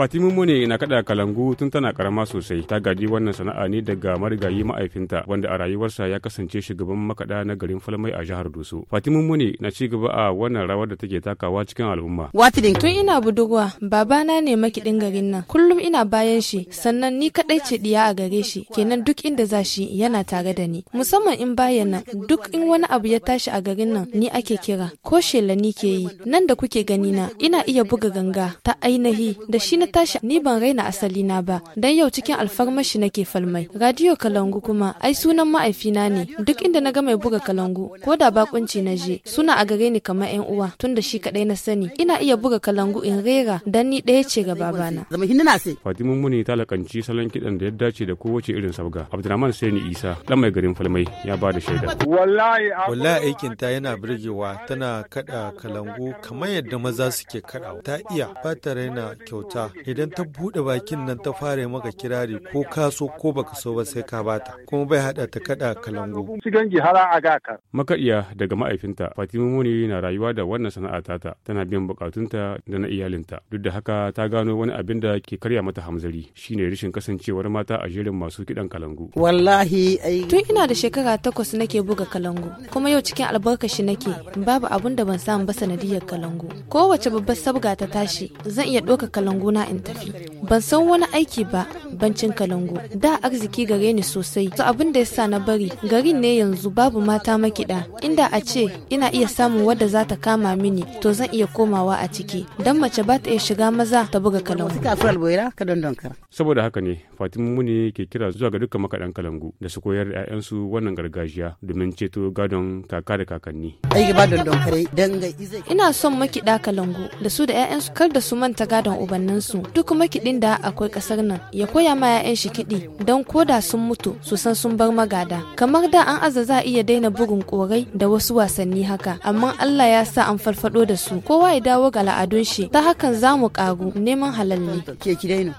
fatima Mune na kada kalangu tun tana karama sosai ta gaji wannan sana'a ne daga marigayi ma'aifinta wanda a rayuwarsa ya kasance shugaban makada na garin Falmai a jihar dusu. Fatimu Mune na ci gaba a wannan rawar da take takawa cikin al'umma. Watidin tun ina budurwa babana ne makidin garin nan kullum ina bayan shi sannan ni kadai ce diya a gare shi kenan duk inda zashi yana tare da ni musamman in bayan nan duk in wani abu ya tashi a garin nan ni ake kira ko shela ni ke yi nan da kuke gani na ina iya buga ganga ta ainihi da shi na tashi ni ban raina asali na ba dan yau cikin alfarmashi nake falmai radio kalangu kuma ai sunan ma'aifina ne duk inda na ga mai buga kalangu ko da bakunci na je suna a gare ni kamar yan uwa tun da shi kadai na sani ina iya buga kalangu in rera dan ni ɗaya ce ga babana Fatima Muni ta lakanci salon kidan da ya dace da kowace irin sabga Abdulrahman ni Isa dan mai garin falmai ya ba da shaida wallahi aikin ta yana birgewa tana kada kalangu kamar yadda maza suke kadawa ta iya ba ta raina kyauta idan ta buɗe bakin nan ta fara maka kirari ko ka so ko baka so ba sai ka bata kuma bai haɗa ta kaɗa kalangu. Makaɗiya daga ma'aifinta Fatima Muni na rayuwa da wannan sana'a tata tana biyan bukatunta da na iyalinta duk da haka ta gano wani abin da ke karya mata hamzari shine rashin kasancewar mata a jerin masu kiɗan kalangu. Wallahi Tun ina da shekara takwas nake buga kalangu kuma yau cikin albarkashi nake babu abun da ban samu ba sanadiyar kalangu kowace babbar sabga ta tashi zan iya ɗauka kalangu na ban san wani aiki ba bancin kalango da arziki gare ni sosai to abin da yasa na bari garin ne yanzu babu mata makida inda a ce ina iya samun wadda za ta kama mini to zan iya komawa a ciki dan mace ba ta iya shiga maza ta buga kalango saboda haka ne fatima muni ke kira zuwa ga dukkan makadan kalangu da su koyar da 'ya'yansu wannan gargajiya domin ceto gadon kaka da kakanni ina son makida kalangu da su da 'ya'yansu kar da su manta gadon ubannansu duk makidin da akwai kasar nan ya koya koya ma 'ya'yan shi kiɗi don koda sun mutu su san sun bar magada kamar da an aza za a iya daina bugun korai da wasu wasanni haka amma Allah ya sa an farfado da su kowa ya dawo ga al'adun shi ta hakan za mu ƙaru neman halalle.